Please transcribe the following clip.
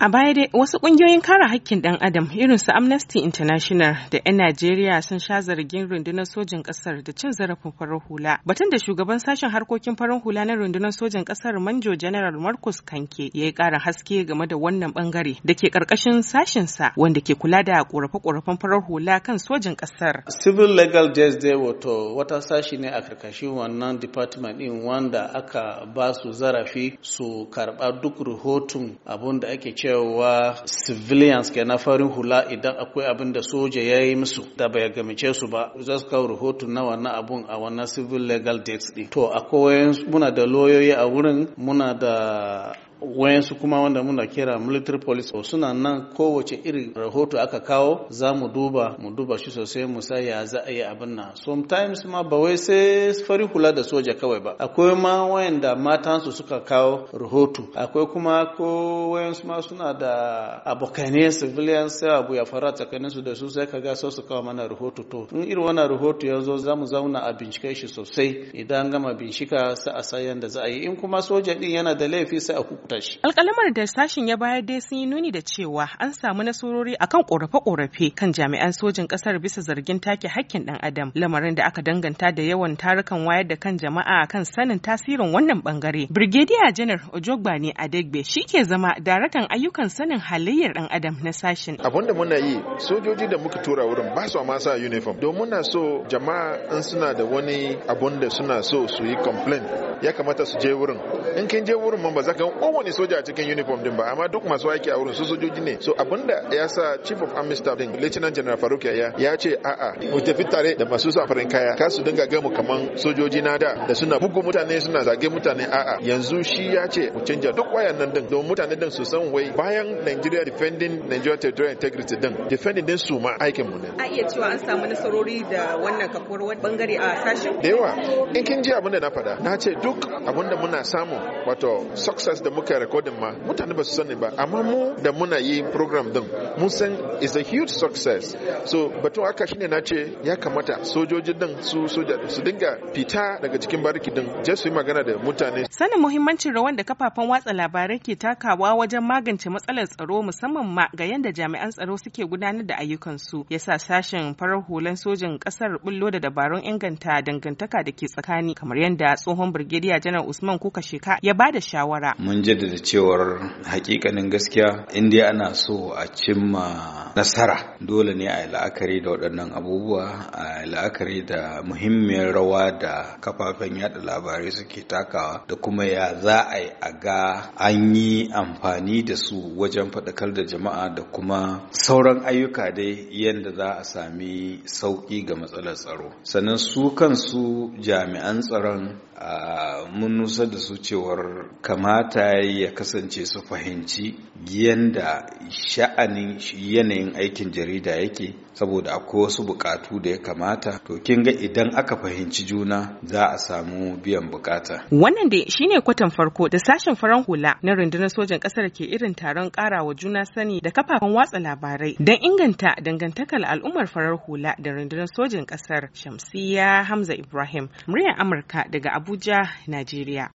A baya dai wasu ƙungiyoyin kare haƙƙin ɗan adam irin su Amnesty International da 'yan Najeriya sun sha zargin rundunar sojin ƙasar da cin zarafin farar hula. Batun da shugaban sashen harkokin farar hula na rundunar sojin ƙasar Manjo General Marcus Kanke ya yi ƙara haske game da wannan ɓangare da ke ƙarƙashin sashen sa wanda ke kula da ƙorafe-ƙorafen farar hula kan sojin ƙasar. Civil Legal Justice Day wato wata sashi ne a ƙarƙashin wannan department ɗin wanda aka ba su zarafi su karɓa duk rahoton abun da ake cewa cewa civilians ke na farin hula idan akwai abin da soja ya yi musu da bai gamice su ba za su kawo rahoto na wannan abun a wannan civil legal dates din to akwai muna da loyoyi a wurin muna da wayansu kuma wanda muna kira military police suna nan kowace irin rahoto aka kawo za mu duba mu duba shi sosai mu sa ya za a yi abin nan sometimes ma ba wai sai fari kula da soja kawai ba akwai ma wayanda matansu suka kawo rahoto akwai kuma ko wayansu ma suna da abokanai civilians sai abu ya fara tsakanin su da su sai kaga so su kawo mana rahoto to in irin wannan rahoto ya zo za mu zauna a bincike shi sosai idan gama bincika sai a sa da za a yi in kuma soja din yana da laifi sai a ku. tashi. Alƙalamar da sashin ya bayar dai sun yi nuni da cewa an samu nasarori akan korafe-korafe kan jami'an sojin ƙasar bisa zargin take hakkin ɗan adam lamarin da aka danganta da yawan tarukan wayar da kan jama'a kan sanin tasirin wannan bangare. Brigadier Janar Ojogbani Adegbe shi ke zama daraktan ayyukan sanin halayyar dan adam na sashin. Abin da muna yi sojoji da muka tura wurin ba su ma sa uniform don muna so jama'a in suna da wani abun da suna so su yi complain ya kamata su je wurin in kin je wurin ma ba za ka ga kowane soja a cikin uniform din ba amma duk masu aiki a wurin su sojoji ne so abinda ya sa chief of army staff din lieutenant general faruk yaya ya ce a'a mu tafi tare da masu safarin kaya ka su dinga gamu kaman sojoji na da da suna bugu mutane suna zage mutane a'a yanzu shi ya ce mu canja duk wayannan din don mutane din su san wai bayan Nigeria defending Nigeria territorial integrity din defending din su ma aikin mu ne a iya cewa an samu nasarori da wannan kafuwar wani bangare a sashen da yawa in kin ji abin da na faɗa na ce duk abin da muna samu wato success da muka muka rekodin ma mutane ba su sani ba amma mu da muna yi program din mun san is a huge success so batun aka shine na ce ya kamata sojoji din su soja su dinga fita daga cikin bariki din je su yi magana da mutane sanin muhimmancin rawan da kafafen watsa labarai ke takawa wajen magance matsalar tsaro musamman ma ga yadda jami'an tsaro suke gudanar da ayyukan su yasa sashen farar hulan sojin kasar bullo da dabarun inganta dangantaka da ke tsakani kamar yadda tsohon birgediya janar usman kuka sheka ya ba da shawara mun ji da cewar hakikanin gaskiya dai ana so a cimma nasara dole ne a yi la'akari da waɗannan abubuwa a yi la'akari da muhimmiyar rawa da kafafen yada labarai suke takawa da kuma ya za a yi a ga an yi amfani da su wajen faɗakar da jama'a da kuma sauran ayyuka dai yadda za a sami sauƙi ga matsalar tsaro sannan su kansu jami'an tsaron mun nusa da su cewar kamata yi ya kasance su fahimci yadda sha'anin yanayin aikin jarida yake saboda akwai wasu bukatu da ya kamata to kin ga idan aka fahimci juna za a samu biyan bukata wannan dai shine kwatan farko da sashen faran hula na rundunar sojan kasar ke irin taron karawa juna sani da kafafen watsa labarai don inganta dangantakar al'ummar farar hula da rundunar sojan kasar shamsiya hamza ibrahim muryar amurka daga abuja najeriya